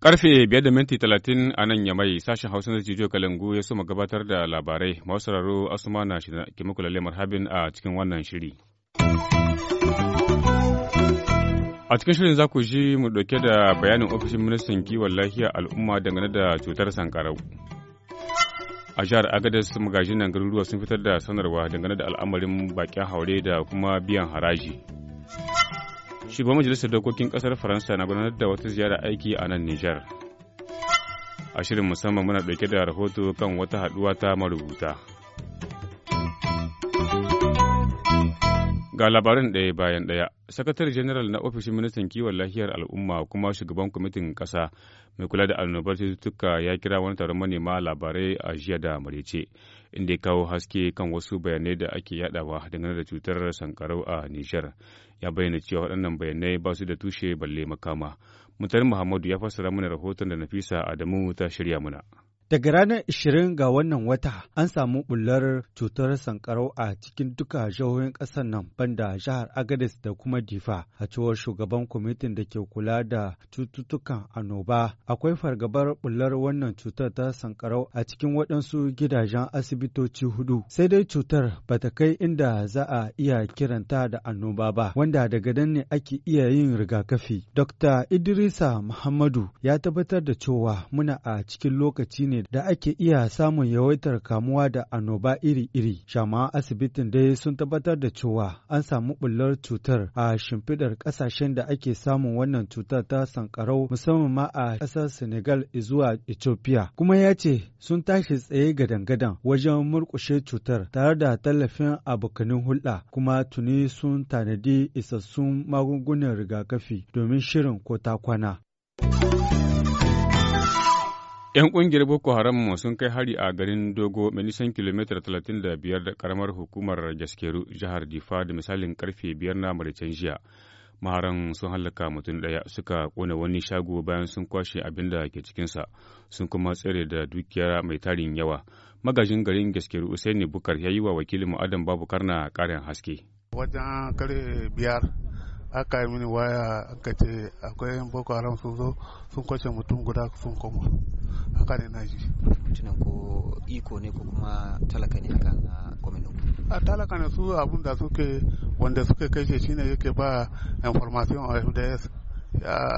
Karfe biyar da minti talatin a nan ya yamai sashen Hausa na studio Kalangu ya soma gabatar da labarai masu sauraro Asuma na ke muku marhabin a cikin wannan shiri. A cikin shirin za ku ji mu ɗauke da bayanin ofishin ministan kiwon lafiya al'umma dangane da cutar sankarau. a jihar agadez nan garuruwa sun fitar da sanarwa dangane da al'amarin bakin haure da kuma biyan haraji shugaban majalisar dokokin kasar faransa na gudanar da wata ziyara aiki a nan nijar a shirin musamman muna dauke da rahoto kan wata haduwa ta marubuta Ga labarin ɗaya bayan ɗaya, Sakatare General na Ofishin Ministan Kiwon Lafiyar Al'umma kuma shugaban kwamitin ƙasa mai kula da annobar cututtuka ya kira wani taron manema labarai a jiya da marece, inda ya kawo haske kan wasu bayanai da ake yadawa dangane da cutar sankarau a Nijar. Ya bayyana cewa waɗannan bayanai ba su da tushe balle makama. Mutane Muhammadu ya fassara mana rahoton da Nafisa Adamu ta shirya mana. Daga ranar 20 ga wannan wata an samu bullar cutar sankarau a cikin duka jihohin ƙasar nan banda jihar Agadez da kuma Difa a cewar shugaban kwamitin da ke kula da cututtukan annoba. Akwai fargabar bullar wannan cutar ta sankarau a cikin waɗansu gidajen asibitoci hudu. Sai dai cutar ba ta kai inda za a iya kiranta da annoba ba wanda daga nan ne ake iya yin rigakafi. Dr. Idrisa Muhammadu ya tabbatar da cewa muna a cikin lokaci ne da ake iya samun yawaitar kamuwa da annoba iri-iri. Shama asibitin dai sun tabbatar da cewa an samu bullar cutar a shimfiɗar ƙasashen da ake samun wannan cutar ta sankarau musamman ma a ƙasar Senegal zuwa Ethiopia. Kuma ya ce sun tashi tsaye gadan-gadan wajen murƙushe cutar tare da tallafin abokanin hulɗa kuma tuni sun tanadi isassun magungunan rigakafi domin shirin ko ta kwana. 'Yan ƙungiyar Boko Haram sun kai hari a garin Dogo mai nisan kilomita talatin da biyar da karamar hukumar Jaskeru jihar Difa da misalin karfe biyar na Maritain jiya. Maharan sun hallaka mutum ɗaya suka ƙone wani shago bayan sun kwashe abin da ke cikinsa sun kuma tsere da dukiya mai tarin yawa. Magajin garin Jaskeru Usaini Bukar ya yi wa wakilin Adam Babu Karna karin haske. Wajen biyar aka yi mini waya aka ce akwai yan boko haram sun zo sun kwace mutum guda sun koma haka ne na ji tunan ko iko ne ko kuma talaka ne haka na kwaminu a talaka ne su abun da suke wanda suke shi shine yake ba information a fds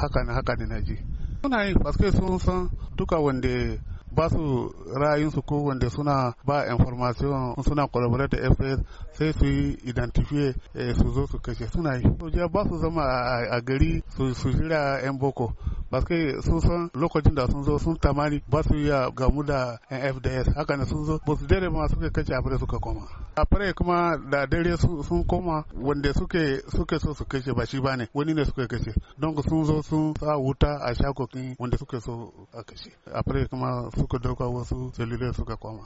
haka ne haka ne na ji suna yi paske sun san duka wanda ba su ra'ayinsu ko wanda suna ba information suna collaborate da fs sai su yi identify eh, su zo su kashe suna yi ba su zama a gari su jira yan boko basu sun san lokacin da sun zo sun tamani ba su iya gamu da nfds haka ne sun zo ba su dare ma suka kace afire suka koma afire kuma da dare sun koma wanda suke suke so su kace ba shi ba ne wani ne suka kace don sun zo sun sa wuta a shakokin wanda suke so a kace afire kuma suka dauka wasu selile suka koma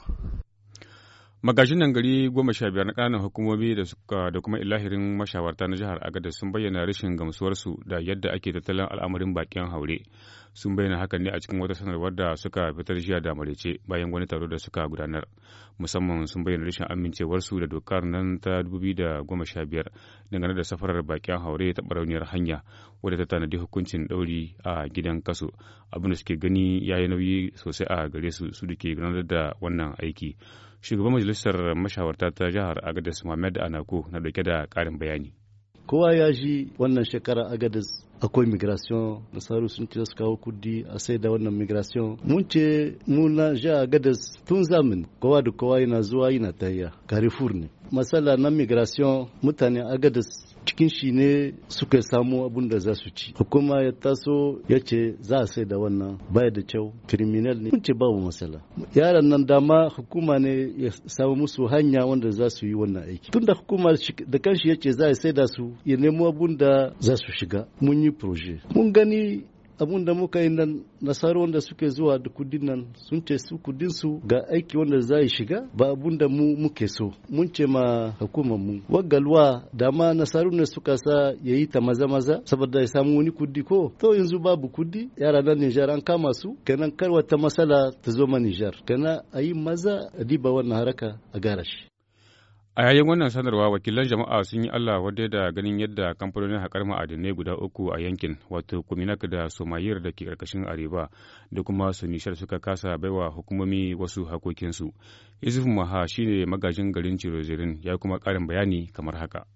Magajin nan gari goma sha biyar na ƙananan hukumomi da suka da kuma ilahirin mashawarta na jihar Agada sun bayyana rashin gamsuwarsu da yadda ake tattalin al'amarin bakin haure. Sun bayyana hakan ne a cikin wata sanarwar da suka fitar jiya da marece bayan wani taro da suka gudanar. Musamman sun bayyana rashin amincewarsu da dokar nan ta dubu da goma sha biyar dangane da safarar bakin haure ta barauniyar hanya wadda ta tanadi hukuncin ɗauri a gidan kaso. Abin da suke gani ya yi nauyi sosai a gare su su da ke gudanar da wannan aiki. shugaban majalisar mashawarta ta jihar agadez muhammad anaku na dauke da karin bayani kowa ya ji wannan shekara agadez akwai migration nasaru sun ce su kawo kudi a sai da wannan migration mun ce muna ja gadas tun zamin kowa da kowa yana zuwa yana tayya carrefour ne matsala na migration mutane agadas cikin shi ne suka samu abun da za su ci hukuma ya taso ya ce za a sai da wannan baya da kyau criminal ne ce babu matsala yaran nan dama hukuma ne ya samu musu hanya wanda za su yi wannan aiki tunda hukuma da kanshi ya ce za a sai da su ya nemo abun da za su shiga mun yi proje mun gani abun da muka yi nan nasarar wanda suke zuwa da kudin nan sun ce su kudin su ga aiki wanda za yi shiga ba abun da mu muke so mun ce ma hukumar mu Wagalwa da ma nasaru ne suka sa ya yi ta maza maza saboda ya samu wani kudi ko to yanzu babu kudi yara na Nijar an kama su kenan kar wata masala ta zo ma Nijar kenan a yi maza a diba wannan haraka a gara shi A yayin wannan sanarwa wakilan jama'a sun yi Allah wadda da ganin yadda kamfanonin haƙar ma'adinai guda uku a yankin wato Kuminak da Somayir da ke ƙarƙashin Arewa da kuma su suka kasa baiwa hukumomi wasu hakokinsu. Yusuf Maha shine magajin garin Cirozirin ya kuma ƙarin bayani kamar haka.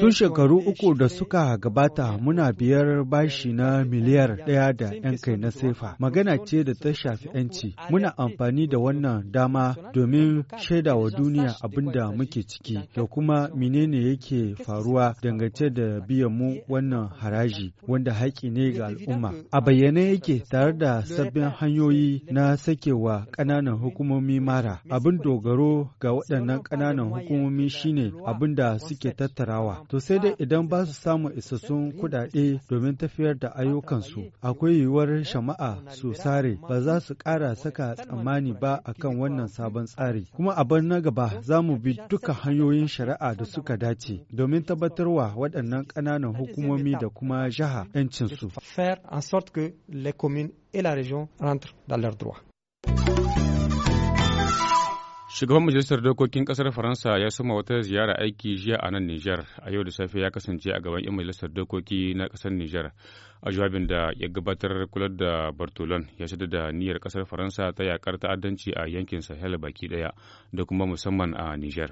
Tun shekaru uku da suka gabata muna biyar bashi na miliyar ɗaya da 'yan kai na sefa. Magana ce da ta shafi 'yanci. Muna amfani da wannan dama domin shaida wa duniya abin da muke ciki da kuma menene yake faruwa dangance da biyan mu wannan haraji wanda haƙƙi ne ga al'umma. A bayyane yake tare da sabbin hanyoyi na sakewa ƙananan hukumomi mara. Abin dogaro ga waɗannan ƙananan hukumomi shine abin da suke suke tattarawa. To sai dai idan ba su samu isassun kuɗaɗe domin tafiyar da ayyukansu, akwai yiwuwar shama'a su sare ba za su ƙara saka tsammani ba akan wannan sabon tsari. Kuma abin na gaba za mu bi duka hanyoyin shari'a da suka dace domin tabbatarwa waɗannan ƙananan hukumomi da kuma jiha 'yancinsu. Faire en sorte que les communes et la région rentrent dans leurs droits. Shugaban Majalisar Dokokin Ƙasar Faransa ya suma wata ziyara aiki jiya a nan Nijar, a yau da safe ya kasance a gaban 'yan Majalisar Dokoki na ƙasar Nijar. A jawabin da ya gabatar kula da Bartolon ya shaida da niyyar ƙasar Faransa ta yakar ta'addanci a yankin Sahel baki ɗaya da kuma musamman a Nijar.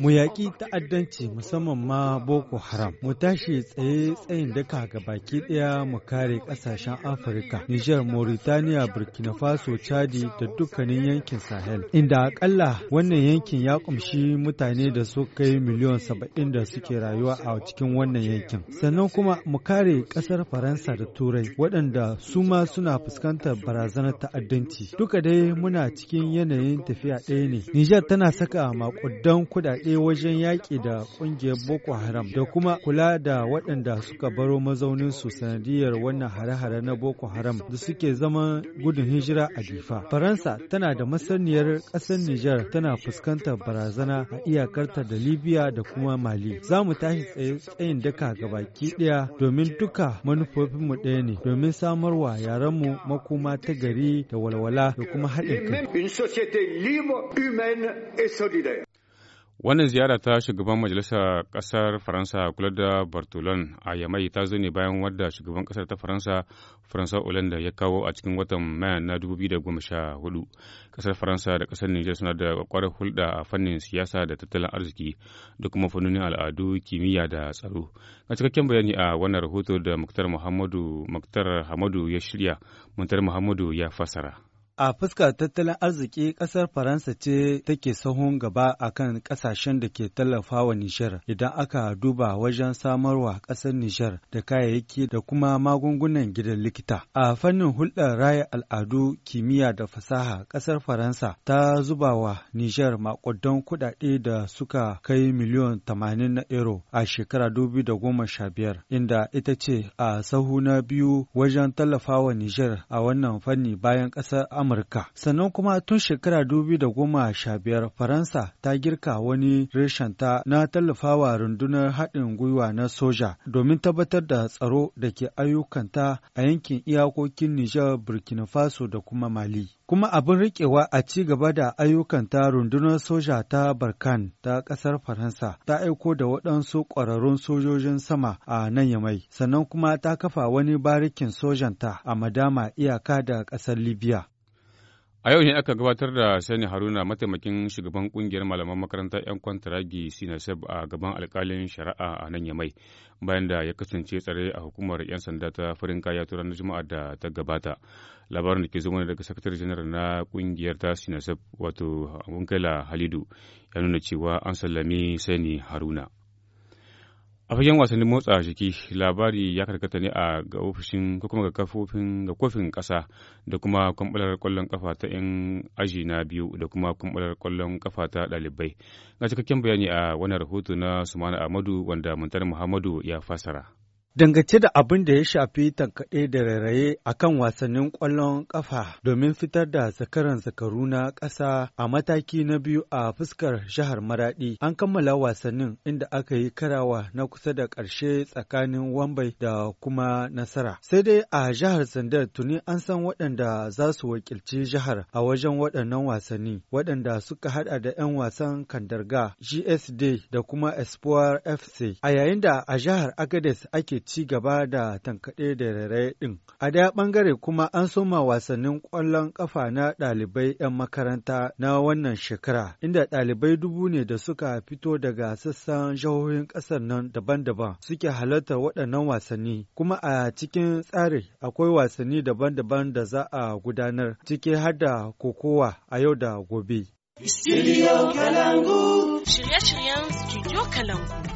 Mu yaƙi ta'addanci musamman ma Boko Haram, mu tashi tsaye tsayin daka ga baki ɗaya mu kare ƙasashen Afirka, Nijar, Mauritaniya, Burkina Faso, Chadi da dukkanin yankin Sahel, inda akalla wannan yankin ya ƙumshi mutane da su kai miliyan saba'in da suke rayuwa a cikin wannan yankin. Sannan kuma mu kare ƙasar Faransa da Turai waɗanda su ma suna fuskantar barazanar ta'addanci. Duka dai muna cikin yanayin tafiya ɗaya ne. Nijar tana saka aika makudan kudade wajen yaƙi da ƙungiyar Boko Haram da kuma kula da waɗanda suka baro mazaunin su sanadiyar wannan hare-hare na Boko Haram da suke zama gudun hijira a Difa. Faransa tana da masaniyar ƙasar Nijar tana fuskantar barazana a iyakarta da Libya da kuma Mali. Za mu tashi tsaye tsayin daka ga baki ɗaya domin duka mu ɗaya ne domin samarwa yarenmu makoma ta gari da walwala da kuma haɗin kai. Wannan ziyara ta shugaban majalisar ƙasar Faransa kula da Bartolon a Yamai ta zo ne bayan wadda shugaban ƙasar ta Faransa Faransa Hollande ya kawo a cikin watan Mayan na 2014. Ƙasar Faransa da ƙasar Nijar suna da ƙwarar hulɗa a fannin siyasa da tattalin arziki da kuma fannonin al'adu, kimiyya da tsaro. Ga cikakken bayani a wannan rahoto da Muktar Muhammadu ya shirya, Muktar Muhammadu ya fasara. A fuskar tattalin arziki ƙasar Faransa ce take sahun gaba a kan ƙasashen da ke tallafawa Nijar idan aka duba wajen samarwa ƙasar Nijar da kayayyaki da kuma magungunan gidan likita. A fannin hulɗar raya al'adu, kimiyya da fasaha ƙasar Faransa ta zuba wa Nijar makudan kuɗaɗe da suka kai miliyon tamanin na euro a shekara biyar, inda ita ce a sahu na biyu wajen tallafawa Nijar a wannan fanni bayan ƙasar Amurka. Sannan kuma tun shekara dubi da goma sha biyar Faransa ta girka wani reshenta na tallafawa rundunar haɗin gwiwa na soja domin tabbatar da tsaro da ke ayyukanta a yankin iyakokin Nijar, Burkina Faso da kuma Mali. Kuma abin riƙewa a ci gaba da ayyukanta rundunar soja ta Barkan ta ƙasar Faransa ta aiko da waɗansu ƙwararrun sojojin sama a nan Yamai, sannan kuma ta kafa wani barikin sojanta a Madama iyaka da ƙasar Libya. A yau ne aka gabatar da Sani Haruna mataimakin shugaban kungiyar malaman makarantar 'yan kwantaragi sinasab a gaban alkalin shari'a a nan Yamai bayan da ya kasance tsare a hukumar 'yan sanda ta farin kaya ta ranar Juma'a da ta gabata. Labarin da ke zama daga sakatare janar na kungiyar ta sinasab wato Wankela Halidu ya nuna cewa an sallami Sani Haruna. a fagen wasannin motsa jiki labari ya karkata ne a ga ofishin ko kuma ga kafofin ga kofin kasa da kuma kwambalar kwallon kafa ta yan aji na biyu da kuma kwambalar kwallon kafa ta dalibai ga cikakken bayani a wannan rahoto na sumana amadu wanda muntar muhammadu ya fasara Dangace da abin da ya shafi tankaɗe da rairaye a kan wasannin ƙwallon ƙafa domin fitar da zakaran zakaru na ƙasa a mataki na biyu a fuskar jihar Maraɗi, an kammala wasannin inda aka yi karawa na kusa da ƙarshe tsakanin Wambai da kuma Nasara. Sai dai a jihar Zandar tuni an san waɗanda za su wakilci jihar a wajen waɗannan wasanni, waɗanda suka haɗa da 'yan wasan Kandarga, GSD da kuma Espoir FC. A yayin da a jihar Agades ake ci gaba da tankaɗe da rairaye ɗin. A daya ɓangare kuma an soma wasannin ƙwallon ƙafa na ɗalibai 'yan makaranta na wannan shekara, inda ɗalibai dubu ne da suka fito daga sassan jihohin ƙasar nan daban-daban suke halartar waɗannan wasanni. Kuma a cikin tsari akwai wasanni daban-daban da za a gudanar, ciki har da kokowa a yau da gobe. Studio Kalangu. Shirye-shiryen Studio Kalangu.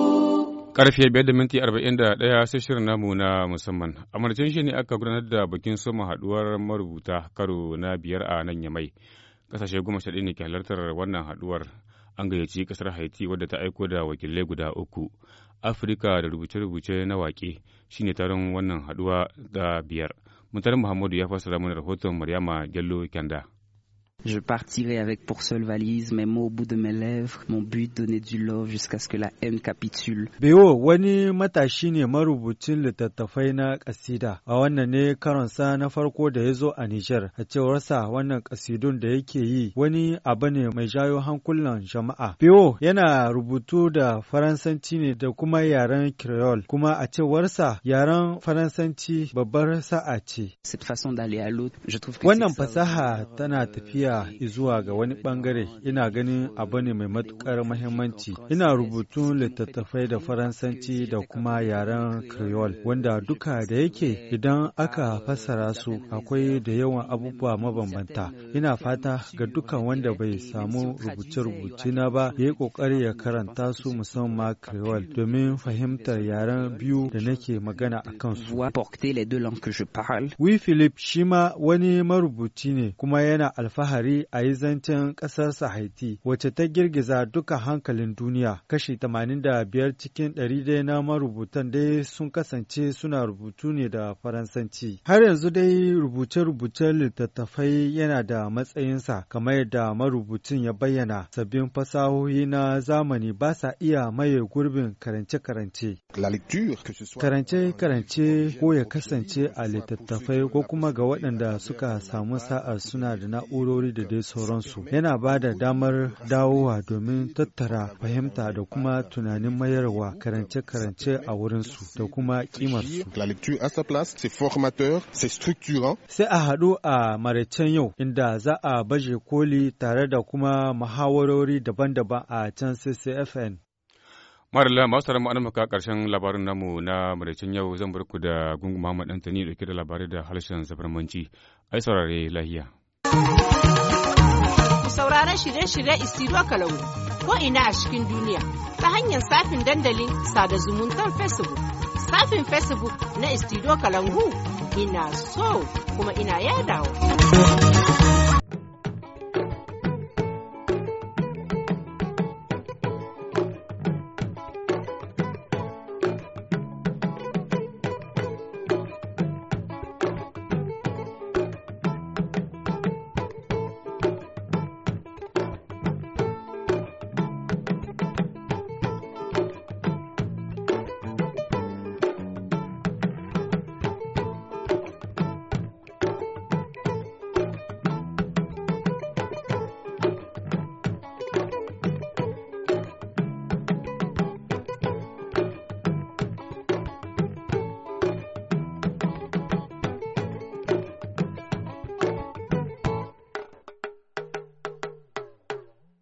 Karfe biyar da minti arba'in da ɗaya sai shirin namu na musamman. A marcin shi ne aka gudanar da bikin soma haɗuwar marubuta karo na biyar a nan Yamai. Kasashe goma sha ne ke halartar wannan haɗuwar. An gayyaci ƙasar Haiti wadda ta aiko da wakilai guda uku. Afirka da rubuce-rubuce na waƙe shine taron wannan haduwa da biyar. Mutar Muhammadu ya fassara mana rahoton Maryama Gello Kyanda. Je partirai avec pour seule valise mes mots au bout de mes lèvres, mon but donner du love jusqu'à ce que la haine capitule. Beo wani matashi ne marubucin littattafai na kasida, a wannan ne karonsa na farko da ya zo a Niger. A cewarsa wannan kasidun da yake yi wani abu ne mai jayo hankulan jama'a. Beo yana rubutu da Faransanci ne da kuma yaren Creole, kuma a cewarsa yaren Faransanci babbar sa'a ce. Wannan fasaha tana tafiya tafiya zuwa ga wani bangare ina ganin abu ne mai matukar mahimmanci ina rubutun littattafai da faransanci da kuma yaren creole wanda duka da yake idan aka fassara su akwai da yawan abubuwa mabambanta ina fata ga dukan wanda bai samu rubuce-rubuce na ba ya yi kokari ya karanta su musamman creole domin fahimtar yaren biyu da nake magana a kansu wi philip shi ma wani marubuci ne kuma yana alfahari tare a yi zancen ƙasarsa Haiti, wacce ta girgiza duka hankalin duniya. Kashi 85 cikin 100 daya na marubutan dai sun kasance suna rubutu ne da Faransanci. Har yanzu dai rubuce-rubucen littattafai yana da matsayinsa, kamar yadda marubucin ya bayyana sabbin fasahohi na zamani ba sa iya maye gurbin karance-karance. Karance-karance ko ya kasance a littattafai ko kuma ga waɗanda suka samu sa'a suna da na'urori da dai sauransu yana ba da damar dawowa domin tattara fahimta da kuma tunanin mayarwa karance-karance a wurinsu da kuma kimarsu sai a haɗu a maraicen yau inda za a baje koli tare da kuma muhawarori daban-daban a can ccfn Marala masu tare ma'anar maka ƙarshen labarin namu na maraicin yau zan barku da gungun Muhammad Antani dauke da labarai da harshen zabarmanci. Ai saurare lahiya. sauraron shirye-shirye Isiro Kalau ko ina a cikin duniya ta hanyar safin dandalin sada zumuntar Facebook. Safin Facebook na istido Kalangu ina so kuma ina yadawa.